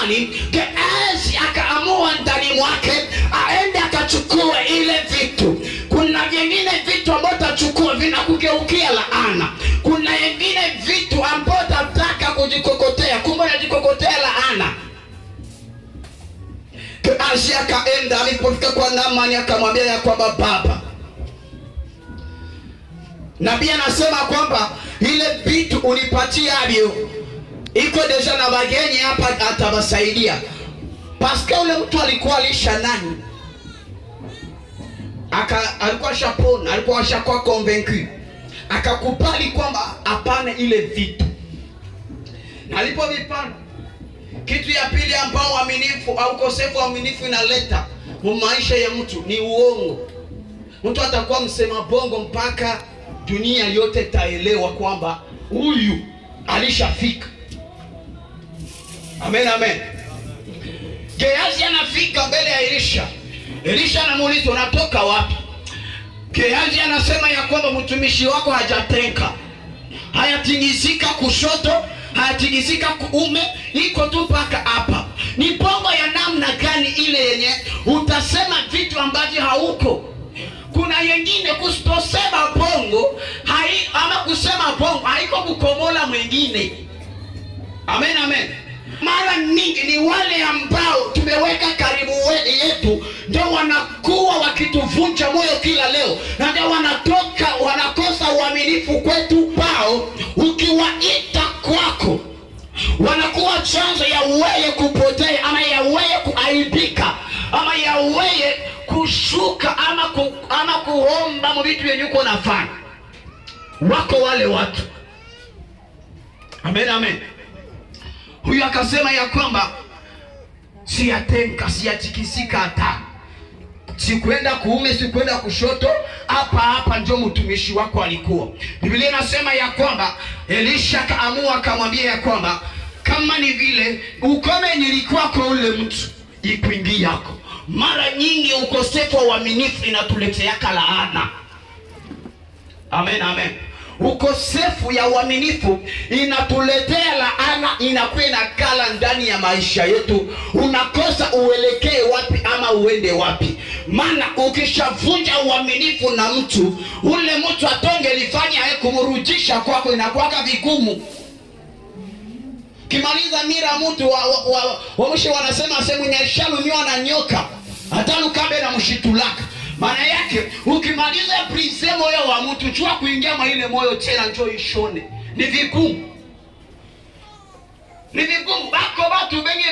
fulani, Gehazi akaamua ndani mwake aende akachukue ile vitu. Kuna vingine vitu ambayo utachukua vinakugeukia laana, kuna vingine vitu ambayo utataka kujikokotea, kumbe unajikokotea laana. Gehazi akaenda, alipofika kwa Naamani akamwambia ya kwamba baba nabii anasema kwamba ile vitu unipatia avyo iko deja na wageni hapa atawasaidia paske ule mtu alikuwa alisha nani aka alikuwa shapona alikuwa ashakuwa convaincu akakubali kwamba apane ile vitu alipovipana. Kitu ya pili ambao uaminifu au ukosefu waminifu inaleta mumaisha maisha ya mtu ni uongo. Mtu atakuwa msema bongo mpaka dunia yote taelewa kwamba huyu alishafika. Amen, amen. Gehazi anafika mbele ya Elisha. Elisha anamuuliza unatoka wapi? Gehazi anasema ya kwamba mtumishi wako hajatenka, hayatingizika kushoto, hayatingizika kuume, iko tu mpaka hapa. Ni pombo ya namna gani ile yenye utasema vitu ambavyo hauko? Kuna yengine kusiposema bongo hai, ama kusema bongo haiko kukomola mwengine. Amen, amen mara nyingi ni wale ambao tumeweka karibu yetu ndio wanakuwa wakituvunja moyo kila leo, na ndio wanatoka wanakosa uaminifu kwetu pao. Ukiwaita kwako wanakuwa chanzo ya weye kupotea ama ya weye kuaibika ama ya weye kushuka ama, ku, ama kuomba mvitu yenye uko nafanya. Wako wale watu. Amen, amen huyu akasema ya kwamba siyatenga, siyatikisika hata sikwenda kuume, sikwenda kushoto, hapa hapa ndio mtumishi wako alikuwa. Biblia inasema ya kwamba Elisha akaamua akamwambia ya kwamba kama ni vile ukome nilikuwa kwa ule mtu ikwingi yako. Mara nyingi ukosefu wa uaminifu inatuleteaka laana. Amen, amen. Ukosefu ya uaminifu inatuletea inakuwa inakala ndani ya maisha yetu, unakosa uelekee wapi ama uende wapi. Maana ukishavunja uaminifu na mtu ule, mtu atongelifanya kumrudisha kwako inakuwaka vigumu. Kimaliza mira mtu wamshi wa, wa, wa wanasema semwenye alishalumiwa na nyoka hata na mshitulaka maana yake ukimaliza prise moyo wa mtu chua kuingia mwa ile moyo tena njoo ishone ni vigumu ni vigumu bako batu benye